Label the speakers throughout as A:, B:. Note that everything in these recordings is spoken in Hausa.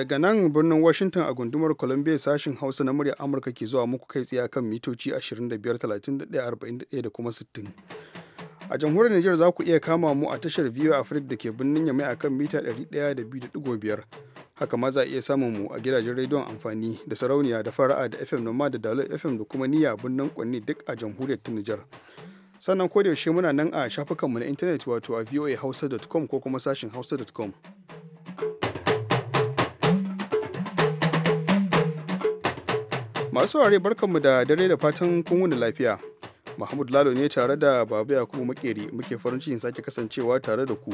A: daga nan birnin Washington a gundumar Columbia sashen Hausa na murya Amurka ke zuwa muku kai tsaye kan mitoci 25, 31, da kuma 60. A jamhuriyar Nijar za ku iya kama mu a tashar VOA Africa da ke birnin Yamai a kan mita 102.5. Haka ma za a iya samun mu a gidajen rediyon amfani da sarauniya da fara'a da FM Noma da Dalol FM da kuma niyya birnin Kwanni duk a jamhuriyar ta Nijar. Sannan ko yaushe muna nan a shafukanmu na intanet wato a voahausa.com ko kuma sashin hausa.com. masu ware barkanmu da dare da fatan kun wuni lafiya Mahmud Lalo ne tare da Babu Yakubu Makeri muke farin cikin sake kasancewa tare da ku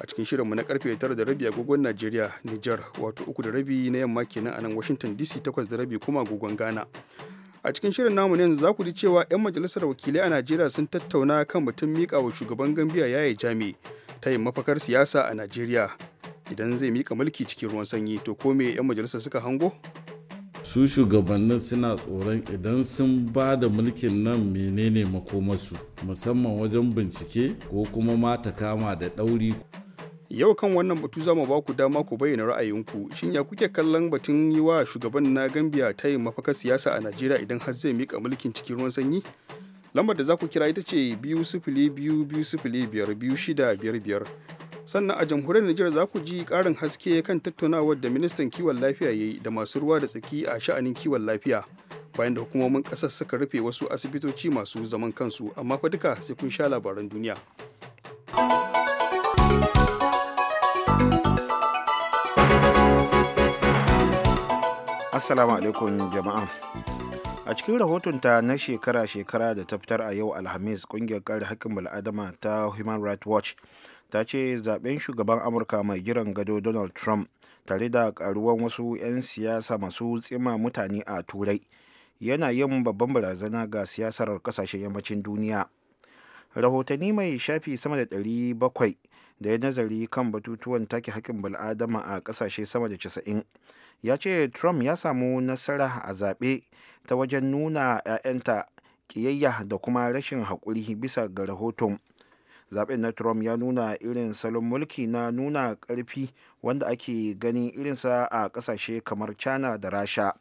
A: a cikin shirinmu na karfe 9 da rabi agogon Najeriya, Nijar, wato 3 da rabi na yamma kenan a nan Washington DC 8 da rabi kuma agogon Ghana. A cikin shirin namu yanzu za ku ji cewa 'yan majalisar wakilai a Najeriya sun tattauna kan batun mika wa shugaban Gambiya yaya jami ta yin mafakar siyasa a Najeriya. Idan zai mika mulki cikin ruwan sanyi to ko me 'yan majalisar suka hango?
B: su shugabannin suna tsoron idan sun ba da mulkin nan menene makomarsu musamman wajen bincike ko kuma mata kama da ɗauri yau kan wannan
A: batu za mu ba ku dama ku bayyana ra'ayinku shin ya kuke kallon batun yi wa shugaban na gambia ta yin mafaka siyasa a najeriya idan har zai mika mulkin cikin ruwan sanyi lambar da za ku kira ita ce biyu sifili biyu biyu sifili biyar biyu shida biyar biyar sannan a jamhuriyar Nijar za ku ji ƙarin haske kan tattaunawar da ministan kiwon lafiya ya yi da masu ruwa da tsaki a sha'anin kiwon lafiya bayan da hukumomin ƙasar suka rufe wasu asibitoci masu zaman kansu amma fa duka sai kun sha labaran duniya.
C: Assalamu alaikum jama'a. A cikin rahotonta na shekara-shekara da ta fitar a yau Alhamis ƙungiyar kare haƙƙin bal'adama ta Human Rights Watch ta ce zaben shugaban amurka mai jiran gado donald trump tare da karuwan wasu 'yan siyasa masu tsima mutane a turai yana yin babban barazana ga siyasar kasashen yammacin duniya rahotanni mai shafi sama da 700 da ya nazari kan batutuwan take haƙƙin bal'adama a ƙasashe sama da 90 ya ce trump ya samu nasara a zaɓe ta wajen nuna 'ya'yanta ƙiyayya da kuma rashin haƙuri bisa ga rahoton zaben na trump ya nuna irin salon mulki na nuna karfi wanda ake ganin irinsa a kasashe kamar china da rasha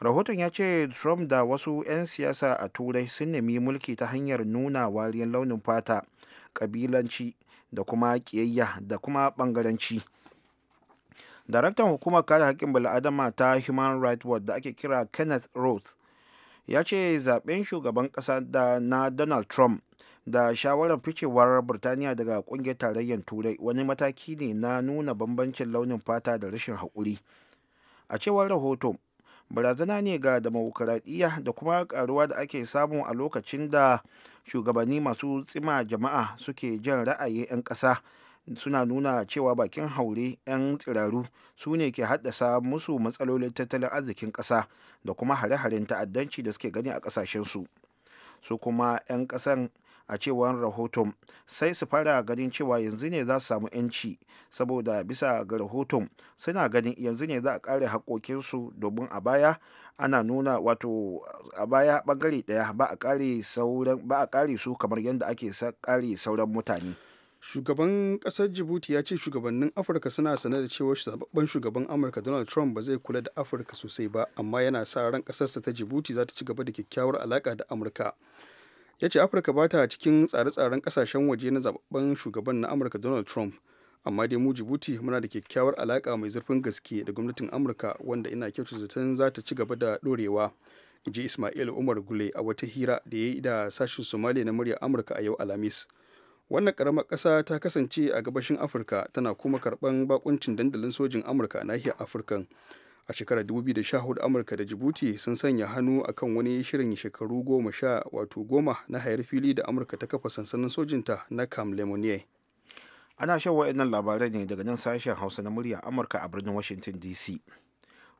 C: rahoton ya ce trump da wasu 'yan siyasa a turai sun nemi mulki ta hanyar nuna wariyar launin fata kabilanci da kuma kiyayya da kuma bangaranci daraktan hukumar kare haƙƙin bala'adama ta human rights watch da ake kira kenneth roth ya ce zaben shugaban ƙasa na donald trump da shawarar ficewar burtaniya daga kungiyar tarayyar turai wani mataki ne na nuna bambancin launin fata da rashin haƙuri a cewar rahoto barazana ne ga demokuraɗiyya da kuma karuwa da ake samu a lokacin da shugabanni masu tsima jama'a suke jan ra'ayi 'yan ƙasa suna nuna cewa bakin haure 'yan tsiraru su ne ke haddasa musu matsalolin tattalin arzikin ƙasa da kuma hare-haren ta'addanci da suke gani a ƙasashensu su kuma 'yan ƙasan a cewar rahoton sai su fara ganin cewa yanzu ne za su samu 'yanci saboda bisa ga rahoton suna ganin yanzu ne za a kare haƙoƙinsu domin a baya ana nuna wato a baya bangare ɗaya ba a kare su kamar yadda ake kare sauran mutane shugaban kasar jibuti ya ce shugabannin
A: afirka suna sane da cewa zababben shugaban amurka donald trump ba zai kula da afirka sosai ba amma yana sa ran kasarsa ta jibuti za ta ci gaba da kyakkyawar alaka da amurka ya ce afirka ba ta cikin tsare-tsaren kasashen waje na zababben shugaban na amurka donald trump amma dai mu jibuti muna da kyakkyawar alaka mai zurfin gaske da gwamnatin amurka wanda ina kyautu zaton za ta ci gaba da dorewa in ji ismail umar gule a wata hira da ya yi da sashen somaliya na murya amurka a yau alhamis wannan karamar ƙasa ta kasance a gabashin afirka tana kuma karɓan bakuncin dandalin sojin amurka a nahiyar afirkan a shekarar 2014 amurka da jibuti sun sanya hannu a kan wani shirin shekaru goma sha wato goma na hayar fili da
C: amurka ta kafa sansanin sojinta na cam lemonier ana shan wa'annan labarai ne daga nan sashen hausa na murya amurka a birnin washington dc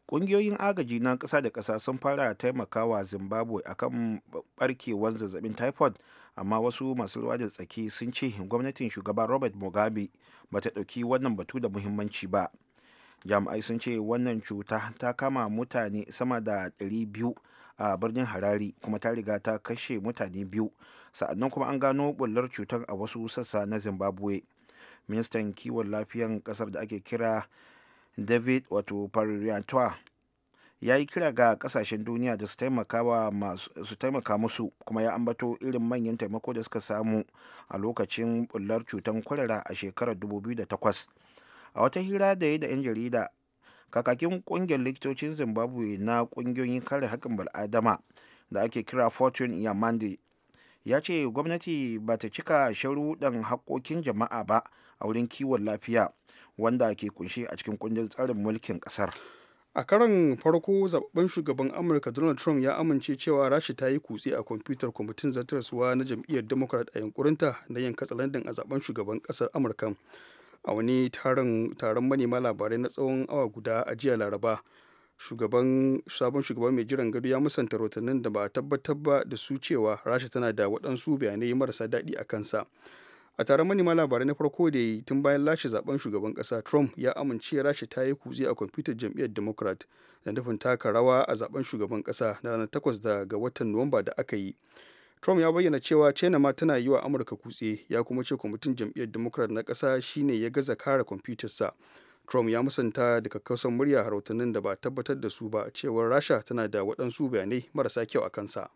C: ƙungiyoyin agaji na ƙasa da ƙasa sun fara taimakawa zimbabwe akan barkewar zazzabin typhoid amma wasu masu ruwa da tsaki sun ce gwamnatin shugaba robert mugabe ba ta ɗauki wannan batu da muhimmanci ba jami'ai sun ce wannan cuta ta kama mutane sama da 200 a birnin harari kuma ta riga ta kashe mutane biyu sa'annan kuma an gano bullar cutar a wasu sassa na zimbabwe ministan kiwon lafiyan kasar da ake kira david wato paririantua ya yi kira ga kasashen duniya da su taimaka musu kuma ya ambato irin manyan taimako da suka samu a lokacin bullar cutar kwalara a shekarar 2008 a wata hira da ya da 'yan jarida kakakin kungiyar likitocin zimbabwe na kungiyoyin kare haƙƙin bal'adama da ake kira fortune ya yamandi ya ce gwamnati ba ta cika sharuɗan haƙƙoƙin jama'a ba a wurin kiwon lafiya wanda ke kunshe a cikin kundin tsarin mulkin kasar a karon farko zababben
A: shugaban amurka donald trump ya amince cewa rasha ta yi kutse a kwamfutar kwamitin zartarsuwa na jam'iyyar democrat a yankurinta na yin katsalandan a zaben shugaban kasar amurka a wani taron manema labarai na tsawon awa guda a jiya laraba shugaban sabon shugaban mai jiran gado ya musanta rotannin da ba a tabbatar ba da su cewa rasha tana da waɗansu bayanai marasa daɗi a kansa a taron manema labarai na farko da yi tun bayan lashe zaben shugaban kasa trump ya amince rasha ta yi kutse a kwamfutar jam'iyyar democrat da nufin taka rawa a zaben shugaban kasa na ranar 8 ga watan nuwamba da aka yi trump ya bayyana cewa china ma tana yi wa amurka kutse ya kuma ce kwamitin jam'iyyar democrat na kasa shine ya gaza kare kwamfutarsa trump ya musanta da kakkausan murya rahotannin da ba tabbatar da su ba cewar rasha tana da waɗansu bayanai marasa kyau a kansa.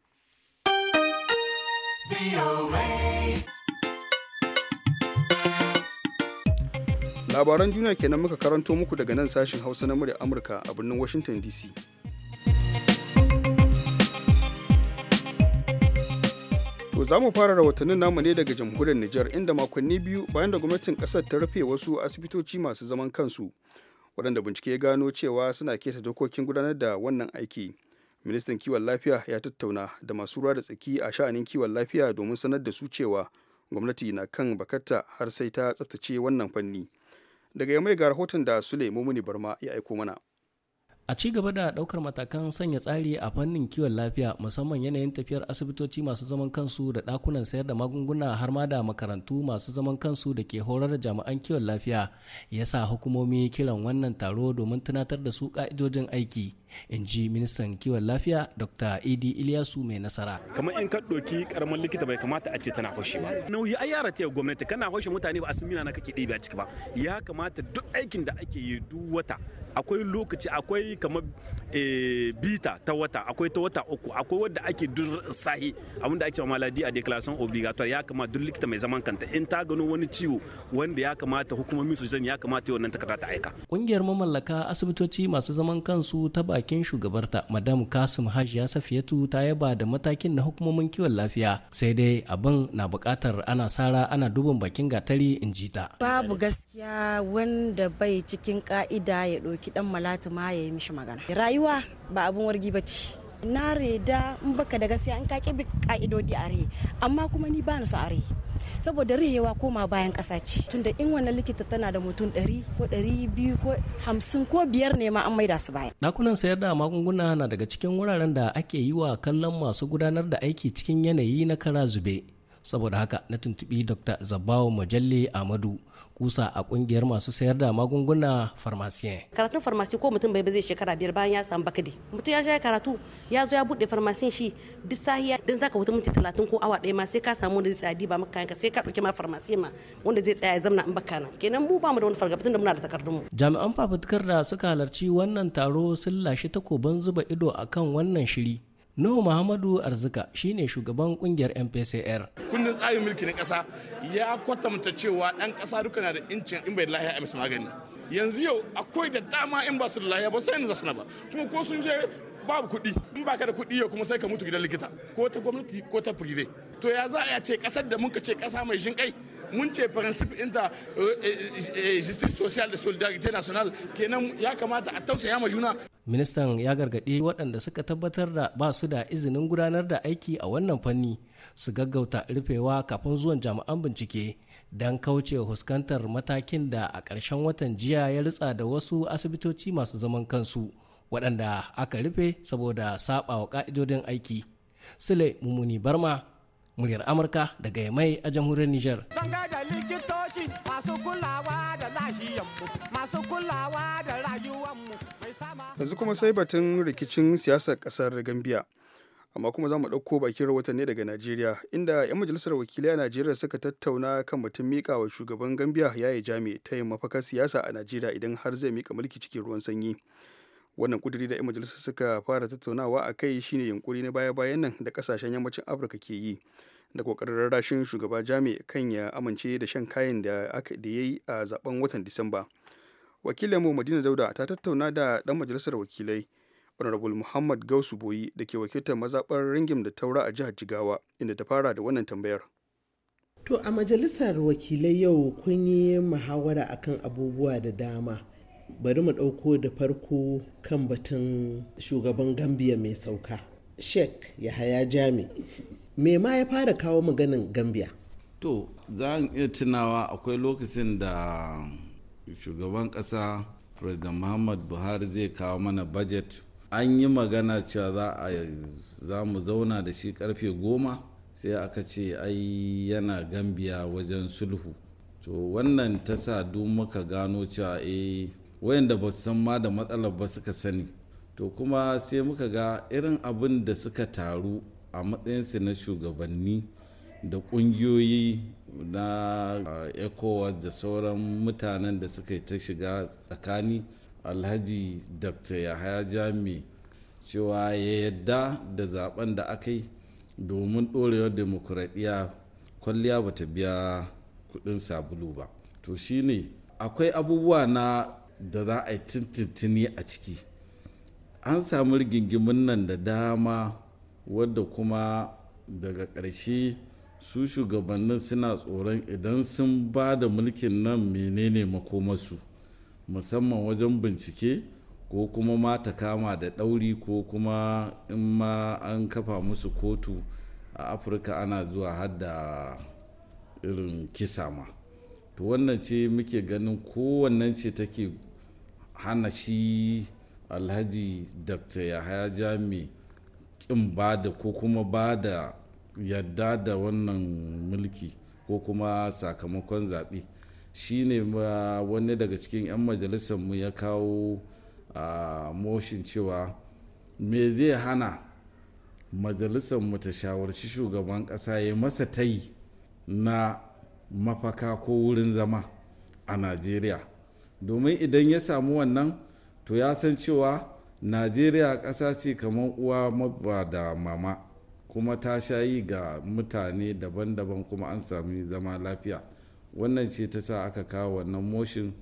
A: labaran duniya kenan muka karanto muku daga nan sashin hausa na murya amurka a birnin washington dc To za mu fara rahotannin namu ne daga jamhuriyar Nijar inda makonni biyu bayan da gwamnatin kasar ta rufe wasu asibitoci masu zaman kansu waɗanda bincike ya gano cewa suna keta dokokin gudanar da wannan aiki. Ministan kiwon lafiya ya tattauna da masu ruwa da tsaki a sha'anin kiwon lafiya domin sanar da su cewa gwamnati na kan bakarta har sai ta tsaftace wannan fanni. daga yamai ga rahoton da sule mumuni barma ya aiko mana
D: a ci gaba da daukar matakan sanya tsari a fannin kiwon lafiya musamman yanayin tafiyar asibitoci masu zaman kansu da dakunan sayar da magunguna har ma da makarantu masu zaman kansu da ke horar da jami'an kiwon lafiya ya sa hukumomi kiran wannan taro domin tunatar da su ka'idojin aiki in ji ministan kiwon lafiya dr idi iliyasu mai nasara kamar in ka ɗauki karamin likita bai kamata a ce tana haushi ba nauyi ai yara ta gwamnati kana haushe mutane ba a mina na kake ɗebe a ciki ba ya kamata duk aikin da ake yi duk wata akwai lokaci akwai kamar eh, bita ta wata akwai ta wata uku akwai wadda ake dur sahi abinda ake ladi a declaration obligatoire
A: ya kamata duk likita mai zaman kanta in ta gano wani ciwo wanda ya kamata hukumomi su ya kamata wannan takarda ta aika
D: kungiyar mamallaka asibitoci masu zaman kansu ta bakin shugabarta madam kasim ya safiyatu ta yaba da matakin na hukumomin kiwon lafiya sai dai abin na bukatar ana sara ana duban bakin gatari in ji ta babu
E: gaskiya wanda bai cikin ka'ida ya ɗauki ɗauki ɗan malatu ma ya yi mishi magana rayuwa ba abin wargi ba ce na reda in baka da gaskiya in ka bi ka'idodi a rai amma kuma ni bani su a rai saboda rihewa koma bayan ƙasa ce tunda in wannan likita tana da mutum ɗari ko ɗari biyu ko hamsin ko biyar ne ma an maida su baya.
D: Dakunan sayar da magunguna na daga cikin wuraren da ake yi wa kallon masu gudanar da aiki cikin yanayi na kara zube. saboda haka na tuntubi dr zabawo majalle amadu kusa a kungiyar masu sayar da magunguna farmasiyan
E: karatun farmasi ko mutum bai zai shekara biyar bayan ya samu bakadi mutum ya sha karatu ya zo ya bude farmasin shi duk sahiya dan zaka wuta minti talatin ko awa ɗaya ma sai ka samu wanda zai tsaya diba maka kayanka sai ka ɗauki ma farmasi ma wanda zai tsaya ya zamna in baka kenan mu ba mu da wani fargaba da muna da takardun mu
D: jami'an fafutukar da suka halarci wannan taro sun lashe takoban zuba ido akan wannan shiri Nuhu Muhammadu Arzika shine shugaban kungiyar MPCR.
E: Kundin
A: tsarin mulki na kasa ya kwatanta cewa dan kasa duka na da incin in bai lahiya a magani. Yanzu yau akwai da dama in ba su da lahiya ba sai yanzu zasu na ba. Kuma ko sun je babu kuɗi in baka da kuɗi yau kuma sai ka mutu gidan likita ko ta gwamnati ko ta fire. To ya za a ce kasar da muka ce kasa mai jin mun ce principe inta eh, eh, eh, justice social da solidarité nationale kenan ya kamata a tausaya ma juna
D: ministan ya gargaɗi waɗanda suka tabbatar da ba su da izinin gudanar da aiki a wannan fanni su gaggauta rufewa kafin zuwan jami'an bincike don kauce huskantar matakin da a ƙarshen watan jiya ya ritsa da wasu asibitoci masu zaman kansu waɗanda aka rufe saboda saɓawa ƙa'idodin aiki sule mummuni barma muryar amurka daga yamai a jamhuriyar niger likitoci masu kulawa da kulawa da yanzu kuma sai batun rikicin siyasar
A: kasar gambia amma kuma za mu ɗauko bakin rahoton ne daga najeriya inda 'yan majalisar wakilai a najeriya suka tattauna kan batun mika wa shugaban gambia yi jami ta yin mafakar siyasa a najeriya idan har zai mika mulki cikin ruwan sanyi wannan kuduri da 'yan majalisar suka fara tattaunawa a kai shine yunkuri na baya-bayan nan da kasashen yammacin afirka ke yi da kokarin rarrashin shugaba jami kan ya amince da shan kayan da aka da yayi a zaben watan disamba wakilin mu madina dauda ta tattauna da dan majalisar wakilai honorable muhammad gausu boyi da ke wakiltar mazaɓar ringim da taura a jihar jigawa inda ta fara da wannan tambayar
D: to a majalisar wakilai yau kun yi muhawara akan abubuwa da dama bari mu ɗauko da farko kan batun shugaban gambia mai sauka sheikh yahaya jami me ma ya fara kawo maganin gambia
B: to za a iya tunawa akwai lokacin da shugaban kasa president muhammad buhari zai kawo mana budget an yi magana cewa za a za mu zauna da shi karfe goma sai aka ce ai yana gambiya wajen sulhu to wannan ta sa duk muka gano cewa eh wayanda ba san ma da matsalar ba suka sani to kuma sai muka ga irin abin da suka taru a matsayinsu na shugabanni da ƙungiyoyi na ecowas da sauran mutanen da suka ta shiga tsakani alhaji dr yahaya jami cewa ya yadda da zaben da aka yi domin ɗorewar demokuraɗiyya kwalliya ba ta biya kuɗin sabulu ba to shine akwai abubuwa na da za a yi tuntuntuni a ciki an samu rigingimin nan da dama wadda kuma daga ƙarshe su shugabannin suna tsoron idan sun ba da mulkin nan menene makomarsu musamman wajen bincike ko kuma ma ta kama da ɗauri ko kuma in ma an kafa musu kotu a afirka ana zuwa hadda irin kisa ma to wannan ce muke ganin kowannan ce take hana shi alhaji dr yahaya jami ƙin ba da ko kuma ba da yadda da wannan mulki ko kuma sakamakon zaɓe shi ne wani daga cikin 'yan majalisarmu ya kawo moshin cewa me zai hana majalisarmu ta shawarci shugaban ƙasa ya masa tayi na mafaka ko wurin zama a najeriya domin idan ya samu wannan to ya san cewa najeriya ƙasa ce kamar uwa mabba da mama kuma ta sha yi ga mutane daban-daban kuma an sami zama lafiya wannan ce ta sa aka kawo wannan motion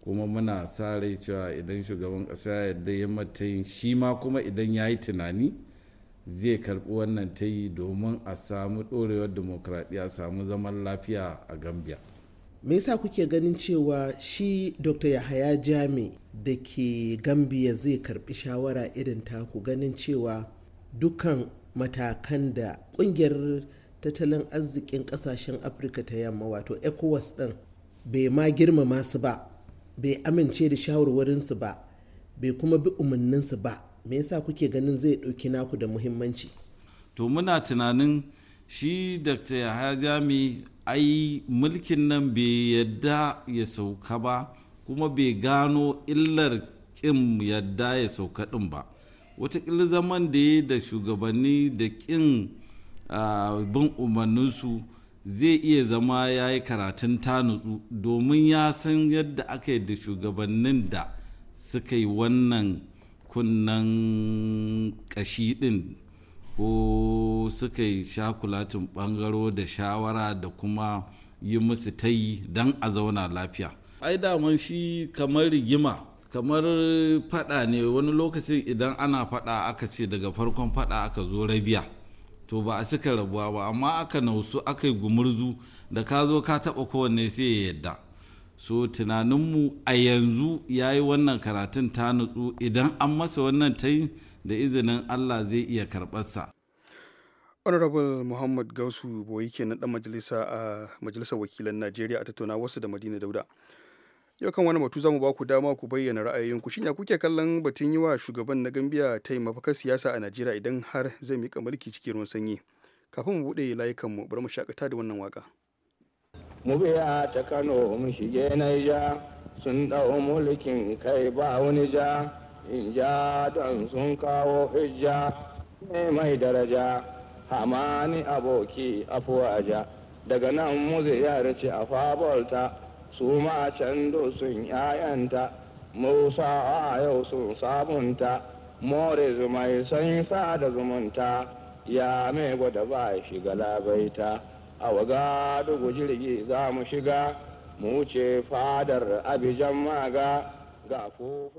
B: kuma muna sa rai cewa idan shugaban ƙasa ya yarda ya mata yin shi ma kuma idan ya yi tunani zai karɓi wannan ta yi domin a samu ɗorewar demokradiyya a samu zaman lafiya a gambia
D: me yasa kuke ganin cewa shi dr yahaya jami da ke gambia zai karbi shawara irin taku ganin cewa dukkan matakan da kungiyar tattalin arzikin kasashen afirka ta yamma wato ecowas din bai ma girmama su ba bai amince da shawarwarinsu ba bai kuma bi umarninsu ba me yasa kuke ganin zai dauki naku da muhimmanci
B: to muna tunanin shi dr yahaya jami ai mulkin nan bai yadda ya sauka ba kuma bai gano illar ƙin yadda ya sauka ɗin ba wataƙila zaman da ya da shugabanni da ƙin bin umarninsu zai iya zama ya yi karatun nutsu domin ya san yadda aka yi da shugabannin da suka yi wannan kunnen ƙashi ɗin ko suka yi shakulatin bangaro da shawara da kuma yi musu ta yi don a zauna lafiya ai daman shi kamar rigima kamar fada ne wani lokacin idan ana fada aka ce daga farkon fada aka zo rabiya to ba a cika rabuwa ba amma aka nausu aka yi gumurzu da ka zo ka taba kowanne sai ya yadda so tunaninmu a yanzu ya yi wannan karatun ta nutsu idan an masa wannan ta yi da izinin allah zai iya karɓarsa
A: honorable muhammad gausu ke na dan majalisa a majalisar wakilan najeriya a tattauna wasu da madina dauda yau kan wani batu za mu ba ku dama ku bayyana ra'ayoyinku shin ya kuke kallon batun yi wa shugaban na gambia ta mafakar siyasa a najeriya idan har zai mika mulki cikin ruwan sanyi kafin mu buɗe mu bari mu shakata da wannan waka
F: mu biya ta kano mu shige naija
A: sun ɗau mulkin kai ba wani ja hijja don sun kawo hijja ne mai daraja hamani aboki afuwaja daga nan muzi ya ce a fabolta su ma can sun yayanta
C: musa a yau sun sabunta more zumai san sa da zumunta ya mai gwada ba shiga labaita a
A: waga dugu jirgi za mu shiga mu ce fadar abijan maga
D: ga fufu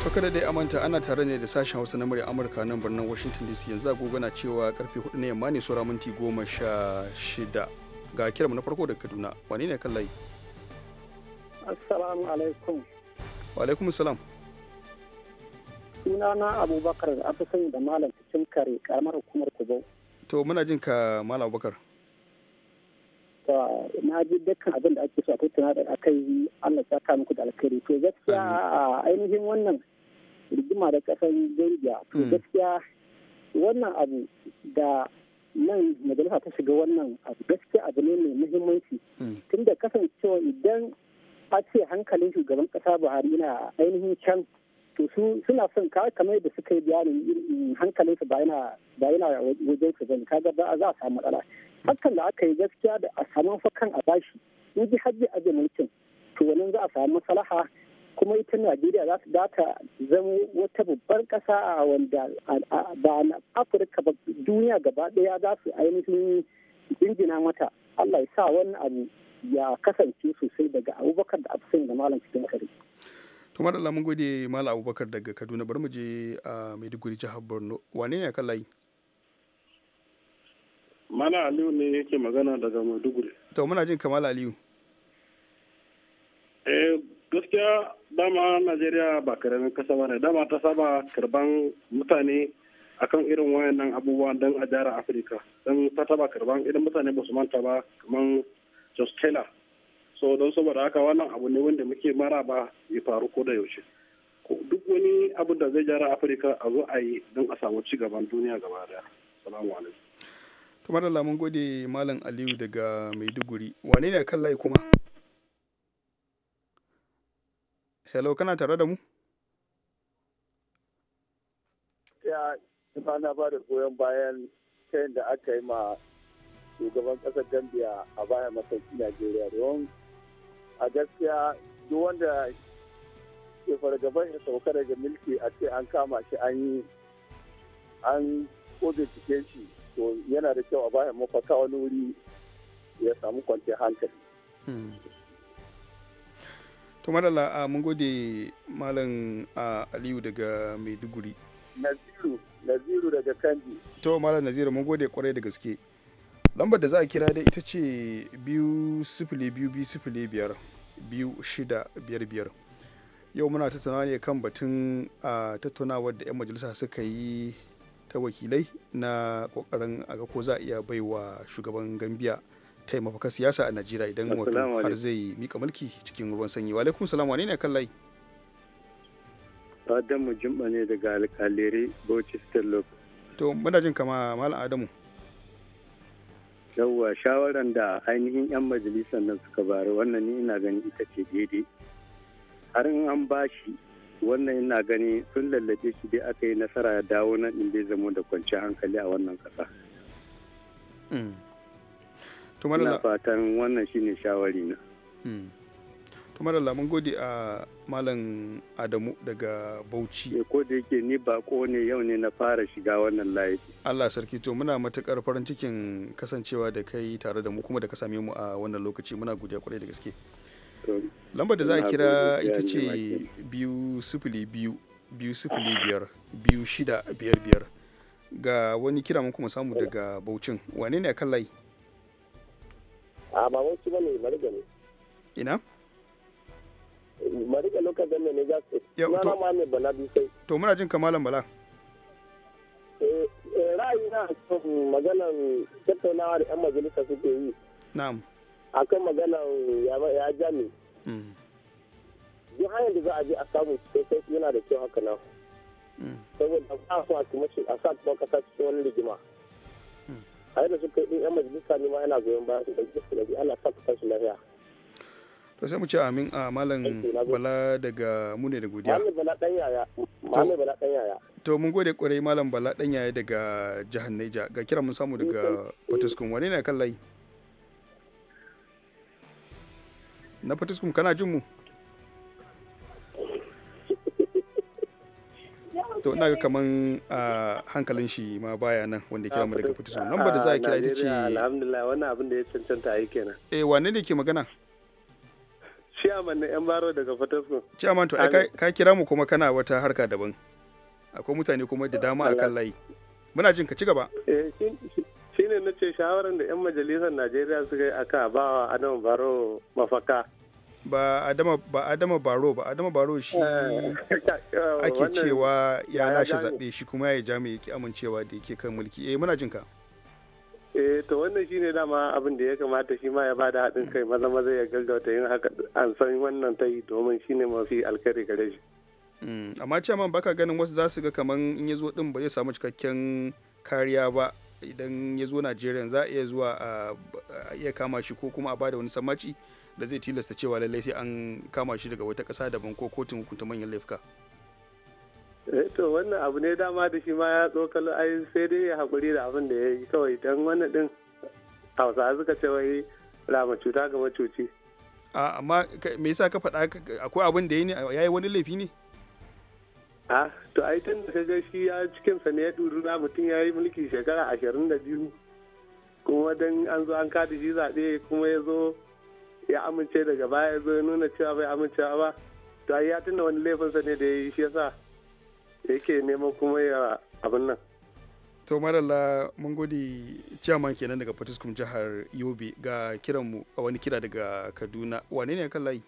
A: Fakar da amanta ana tare ne da sashen Hausa na murya Amurka nan birnin Washington DC yanzu agogo na cewa karfe 4 na yamma ne sura minti 16 ga kiranmu na farko da Kaduna wani ne kan layi?
F: Assalamu
D: alaikum. Wa alaikum salam. na Abubakar a fi sani da Malam cikin kare karamar hukumar Kubo.
A: To muna jin ka Malam Abubakar.
D: na ji dukkan abin da ake so a tattauna da akai Allah ya kama ku da alkhairi to gaskiya ainihin wannan rigima da kasar zambia. to hmm. gaskiya wannan abu da nan majalisa ta shiga wannan abu gaskiya abu ne mai muhimmanci hmm. tunda kasancewa idan a ce hankalin shugaban kasa buhari yana ainihin can to su suna son ka kamar da suka yi bayanin hankalin su ba yana wajen su zan kaga ba za a samu matsala hmm. hakan da aka yi gaskiya da a samu fakan a bashi in ji hajji a mulkin to wannan za a samu maslaha kuma ita najeriya za ta zama wata babbar kasa a wanda ba na afirka ba duniya gaba daya za su ainihin jingina mata allah ya sa wani abu ya kasance sosai daga abubakar da afisin da malam cikin kare
A: to madalla mun gode malam abubakar daga kaduna bari mu je a maiduguri jihar borno wane ne kan layi
F: malam aliyu ne yake magana daga maiduguri to muna jin kamala aliyu eh gaskiya dama najeriya ba karamin kasa ba ne dama ta saba karban mutane akan irin wayannan abubuwa don a jara afirka don ta taba karban idan mutane ba su manta ba kamar jos taylor so don saboda haka wannan abu ne wanda muke mara ba ya faru ko da yaushe duk wani abu da zai jara afirka a zo a yi don a samu ci gaban duniya gaba daya salamu alaikum
A: kamar da lamun gode malam aliyu daga maiduguri wane ne kan layi kuma hello kana tare da mu
F: ya kuma na ba da goyon bayan kayan da aka yi ma shugaban ƙasar gambia a baya mataki najeriya don a gaskiya duk wanda ke fargaban ya sauka daga milki a ce an kama shi an yi an kode cike shi to yana da kyau a bayan mafaka wani wuri ya samu kwanciyar hankali hmm.
A: to madalla a mun gode malam aliyu daga maiduguri naziru naziru daga kanji to malam naziru mun gode kwarai da gaske lambar da za a kira dai ita ce biyu sifile biyu biyu sifile biyar biyu shida biyar biyar yau muna tattauna ne kan batun a tattaunawar da 'yan majalisa suka yi ta wakilai na kokarin aka ko za a iya baiwa shugaban gambia ta mafaka siyasa a najeriya idan wato har zai mika mulki cikin ruwan sanyi wa alaikum salam wane ne kan layi
F: adamu jumba ne daga alkalere bauchi state
A: to muna jin kama malam adamu
F: yawwa shawaran da ainihin 'yan majalisar nan suka bari wannan ni ina gani ita ce daidai har in an bashi wannan ina gani sun lallabe shi dai aka yi nasara ya dawo nan in bai zamo da kwanciyar hankali a wannan kasa. Mm. ina fatan wannan shine shawari na
A: hmm. to mun gode a malam adamu daga bauchi eh, ko da yake ni bako ne yau
F: ne na fara shiga wannan layi
A: allah sarki to muna matukar farin cikin kasancewa da kai tare da mu kuma da ka same mu a wannan lokaci muna godiya kwarai da gaske lambar da za a kira ita ce biyu sifili biyu biyu sifili biyar biyu shida biyar biyar ga wani kira mun kuma samu daga bauchin wane ne a kan layi
F: a ba wasu ba ne mariga ne ina mariga lokacin da ne za su na ma ne bala bisai
A: to muna jin kamalan bala
F: eh, eh, ra'ayi na son maganan tattaunawa da 'yan majalisa suke yi na'am kan maganan ya jami mm. duk hanyar da za a je a samu sosai yana da kyau haka na mm. saboda a a so a sa kuma kasa cikin wani rigima a yadda suka yi yan majalisa ne ma yana goyon bayan su da su da Allah sa su lafiya
A: to sai mu ce amin a malam bala daga mu ne da godiya malam
F: bala ɗan yaya malam bala ɗan yaya
A: to mun gode kwarai malam bala ɗan yaya daga jihar Niger ga kiran mun samu daga Potoskun wani ne kan layi na Potoskun kana jin mu to ina ga kaman hankalin shi ma baya nan wanda ya kira mu daga Potosum lambar da za a kira ita ce alhamdulillah
F: wannan abin da ya cancanta yi kenan
A: eh wa ne ke magana
F: Ciyaman na yan baro daga Potosum
A: Ciyaman to ka kira mu kuma kana wata harka daban akwai mutane kuma da dama a kan layi muna jin ka ci gaba
F: eh shine nace shawaran da yan majalisar Najeriya suka yi aka bawa Adam Baro mafaka
A: ba adama ba adama baro ba adama baro shi eh, eh, ake cewa ya lashe zaɓe shi kuma ya jami yake amincewa da yake kan mulki eh muna jin ka
F: eh to wannan shine dama abin da ya kamata shi ma ya bada haɗin kai maza maza ya gaggauta yin haka an san wannan ta yi domin shine mafi alkhairi gare shi
A: mm, amma man baka ganin wasu za su ga kaman in ya zo din ba zai samu cikakken kariya ba idan ya zo najeriya za a iya zuwa a iya kama shi ko kuma a bada wani sammaci da zai tilasta cewa lallai sai an kama shi daga wata ƙasa daban ko kotun hukunta manyan laifuka
F: eh, to wannan abu ne dama da shi ma ya tsokalo ai sai dai ya haƙuri da abin da ya yi kawai don wannan din hausa suka ce wai rama cuta ga macuci
A: a amma me yasa ka faɗa akwai abin da ya ne ya yi wani laifi ne
F: a to ai tun da kaga shi ya cikin sa ne ya duru na mutum ya yi mulki shekara ashirin da biyu kuma dan an zo an kada shi zaɓe kuma ya zo ya amince daga baya zo ya nuna cewa bai amincewa ba to ya tuna wani laifinsa ne da ya yi shi yasa yake neman kuma ya abin nan
A: to madalla mun gode chairman kenan daga fatiskum jihar yobe ga kiranmu a wani kira daga kaduna wane ne kan layi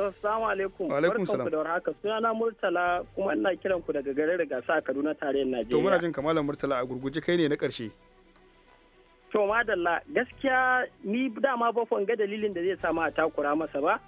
D: Assalamu alaikum.
F: Wa alaikum salam. da
D: warhaka. Sunana Murtala kuma ina kiran ku daga garin Rigasa a Kaduna tarayyar Najeriya. To muna jin
A: kamalan Murtala a gurguje kai ne na karshe.
D: To madalla gaskiya ni dama ba ga dalilin da zai sama a takura masa ba.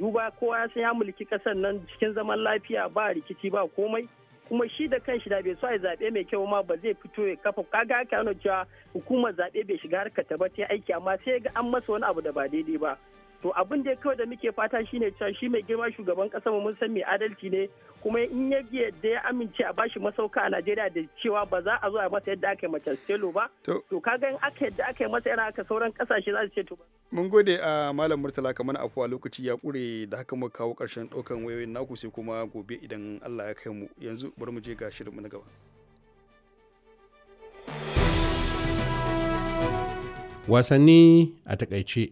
D: Duba kowa ya san ya mulki kasar nan cikin zaman lafiya ba rikici ba komai. kuma shi da kanshi da bai so ya zaɓe mai kyau ma ba zai fito ya kafa kaga aka yana cewa hukumar zaɓe bai shiga harka ta ba ta aiki amma sai ga an masa wani abu da ba daidai ba to abin da ya kawai da muke fata shine cewa shi mai girma shugaban kasa mu mun san mai adalci ne kuma in ya yadda ya amince a bashi masauka a Najeriya da cewa ba za a zo a masa yadda aka yi mace Stelo ba to kaga in aka yadda aka yi masa yana aka sauran kasashe za su ce to
A: mun gode a malam Murtala kamar afuwa lokaci ya kure da haka muka kawo karshen daukan wayoyin naku sai kuma gobe idan Allah ya kai mu yanzu bari mu je ga shirinmu na gaba wasanni a takaice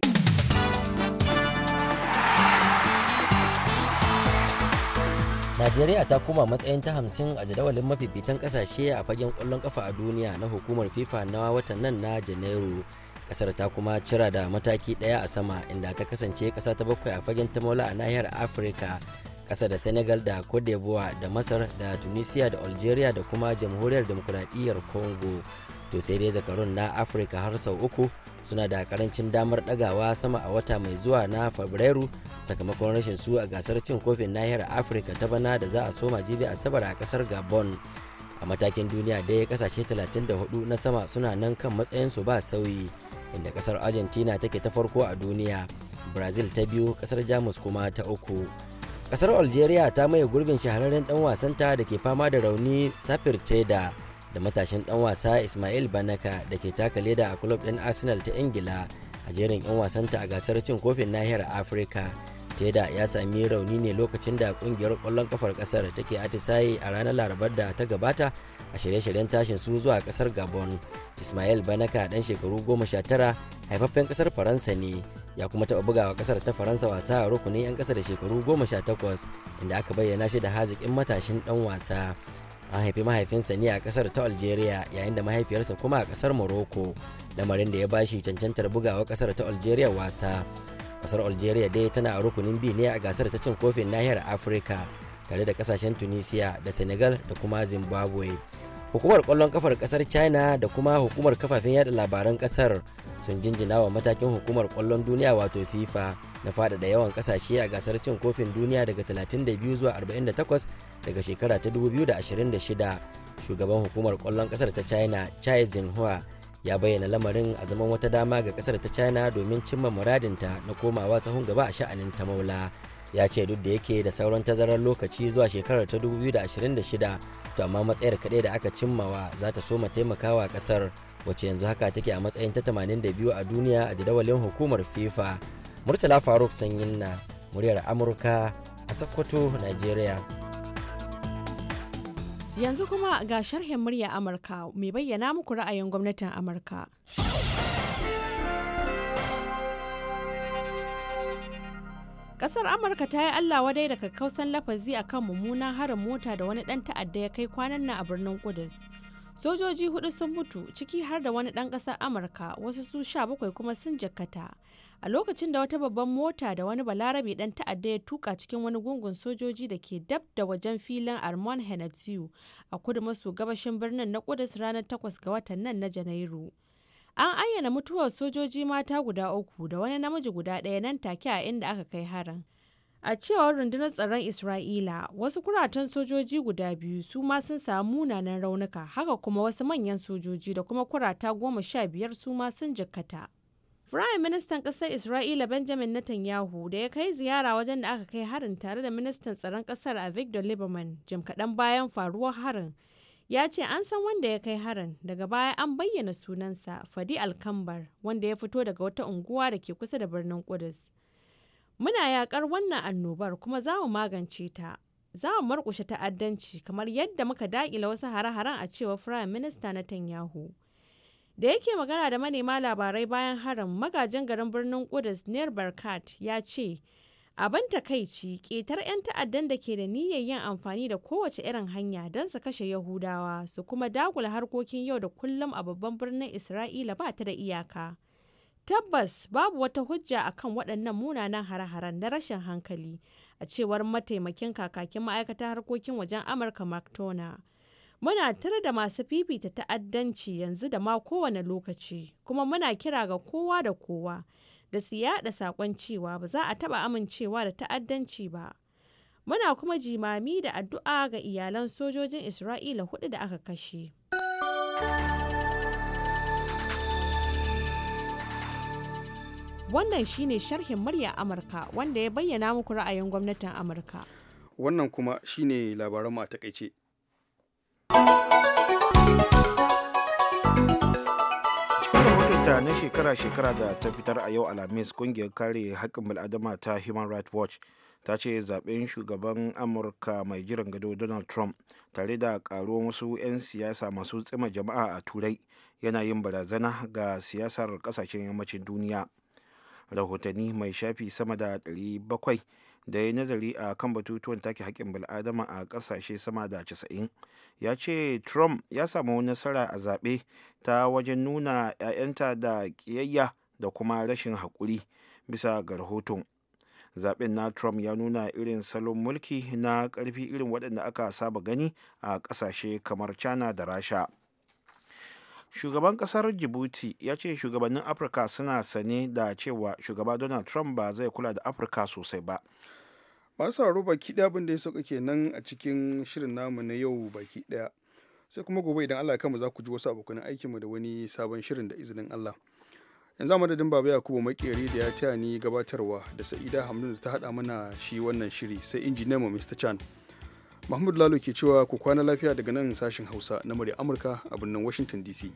G: Najeriya ta koma matsayin ta 50 a jadawalin mafifitan kasashe a fagen kwallon kafa a duniya na hukumar FIFA na watan nan na Janairu. Kasar ta kuma cira da mataki daya a sama inda ta kasance kasa ta bakwai a fagen ta a nahiyar Afirka. kasa da Senegal da Cote d'Ivoire da Masar da Tunisia da Algeria da kuma Jamhuriyar Demokuraɗiyyar Congo. to sai dai zakarun na afirka har sau uku suna da karancin damar ɗagawa sama a wata mai zuwa na fabrairu sakamakon rashin su a gasar cin kofin nahiyar afirka ta bana da za a soma jibi a asabar a kasar gabon a matakin duniya dai kasashe 34 na sama suna nan kan matsayinsu ba sauyi inda kasar argentina take ta farko a duniya brazil ta biyu kasar jamus kuma ta uku kasar algeria ta maye gurbin shahararren dan wasanta da ke fama da rauni safir teda da matashin dan wasa Ismail Banaka da ke taka leda a kulob ɗin Arsenal ta Ingila a jerin 'yan wasanta a gasar cin kofin nahiyar Afirka. Teda ya sami rauni ne lokacin da kungiyar kwallon kafar kasar take atisaye a ranar larabar da ta gabata a shirye-shiryen tashin su zuwa kasar Gabon. Ismail Banaka dan shekaru goma sha tara haifaffen kasar Faransa ne ya kuma taɓa bugawa kasar ta Faransa wasa a rukunin 'yan kasa da shekaru goma sha takwas inda aka bayyana shi da hazikin matashin ɗan wasa. an haifi mahaifinsa ne a kasar ta algeria yayin da mahaifiyarsa kuma a kasar morocco lamarin da ya bashi cancantar bugawa kasar ta algeria wasa kasar algeria dai tana a rukunin bi ne a gasar ta cin kofin nahiyar afirka tare da kasashen tunisia da senegal da kuma zimbabwe hukumar kwallon kafar kasar china da kuma hukumar kafafen yada labaran kasar sun jinjina wa matakin hukumar kwallon duniya wato fifa na faɗaɗa yawan kasashe a gasar cin kofin duniya daga 32 zuwa 48 daga shekara ta 2026 shugaban hukumar kwallon kasar ta china chai jinhua ya bayyana lamarin a zaman wata dama ga kasar ta china domin cimma muradinta na komawa sahun gaba a sha'anin ta maula ya ce duk da yake da sauran tazarar lokaci zuwa shekarar ta 2026 to amma matsayar kaɗai da aka cimmawa za ta soma taimakawa ƙasar wacce yanzu haka take a matsayin ta 82 a duniya a jadawalin hukumar fifa murtala faruk sanyin na muryar amurka a sokoto nigeria
E: yanzu kuma ga sharhin murya amurka mai bayyana muku ra'ayin gwamnatin amurka. Kasar Amurka ta yi Allah wadai da kakkausan lafazi a kan mummunan harin mota da wani ɗan ta'adda ya kai kwanan nan a birnin Kudus. Sojoji hudu sun mutu ciki har da wani ɗan ƙasar Amurka wasu su sha bakwai kuma sun jakkata. A lokacin da wata babban mota da wani balarabe ɗan ta'adda ya tuka cikin wani gungun sojoji da ke dab da wajen filin Armon Henatiu a kudu maso gabashin birnin na Kudus ranar 8 ga watan nan na Janairu. An ayyana mutuwar sojoji mata guda uku da wani namiji guda ɗaya nan take a inda aka kai harin. A cewar rundunar tsaron Isra'ila, wasu kuratan sojoji guda biyu su ma sun samu munanan raunuka, haka kuma wasu manyan sojoji da kuma kurata goma sha biyar su ma sun jikkata. Firayim Ministan Ƙasar Isra'ila Benjamin Netanyahu da ya kai ziyara wajen da aka kai harin tare da Ministan Tsaron Ƙasar Avigdor Lieberman jim kaɗan bayan faruwar harin ya ce an san wanda ya kai harin daga baya an bayyana sunansa fadi alkambar wanda ya fito daga wata unguwa da ke kusa da birnin kudus muna yakar wannan annobar kuma za mu magance ta za mu markushe ta'addanci kamar yadda muka daƙila wasu hare-haren a cewa firayim minista tanyahu da yake magana da manema labarai bayan harin magajin garin birnin kudus ner barkat ya ce Abin takaici ƙetar 'yan ta'addan da ke da niyyar yin amfani da kowace irin hanya don su kashe Yahudawa su kuma dagula harkokin yau da kullum a babban birnin Isra'ila ba ta da iyaka. Tabbas babu wata hujja a kan waɗannan munanan hare-haren na rashin hankali a cewar mataimakin kakakin ma'aikatar harkokin wajen Amurka Mark Muna tare da masu fifita ta'addanci yanzu da ma kowane lokaci, kuma muna kira ga kowa da kowa da su yada sakon cewa ba za a taɓa amincewa da ta'addanci ba. Muna kuma jimami da addu'a ga iyalan sojojin Isra'ila hudu da aka kashe. Wannan shine sharhin murya Amurka wanda ya bayyana muku ra'ayin gwamnatin Amurka.
A: Wannan kuma shine labaranmu a takaice.
C: da na shekara-shekara da ta fitar a yau alhamis kungiyar kare haƙƙin bil'adama ta human rights watch ta ce zaɓen shugaban amurka mai jiran gado donald trump tare da ƙaruwar wasu 'yan siyasa masu tsima jama'a a turai yana yin barazana ga siyasar ƙasashen yammacin duniya rahotanni mai shafi sama da 700 da ya nazari a kan batutuwan take haƙƙin bil'adama a ƙasashe sama da 90 ya ce trump ya samu nasara a zaɓe ta wajen nuna 'ya'yanta da ƙiyayya da kuma rashin haƙuri bisa ga rahoton zaɓen na trump ya nuna irin salon mulki na ƙarfi irin waɗanda aka saba gani a ƙasashe kamar china da rasha shugaban kasar djibouti ya ce shugabannin afirka suna sane da cewa shugaba donald trump ba zai kula da afirka sosai ba
A: masu sauraro baki ɗaya abin ya sauka kenan a cikin shirin namu na yau baki ɗaya sai kuma gobe idan allah ya kama za ku ji wasu abokan aikinmu da wani sabon shirin da izinin allah yanzu madadin baba yakubu makeri da ya taya ni gabatarwa da sa'ida hamdun da ta haɗa mana shi wannan shiri sai mu mr chan mahmud lalo ke cewa ku kwana lafiya daga nan sashen hausa na murya amurka a birnin washington dc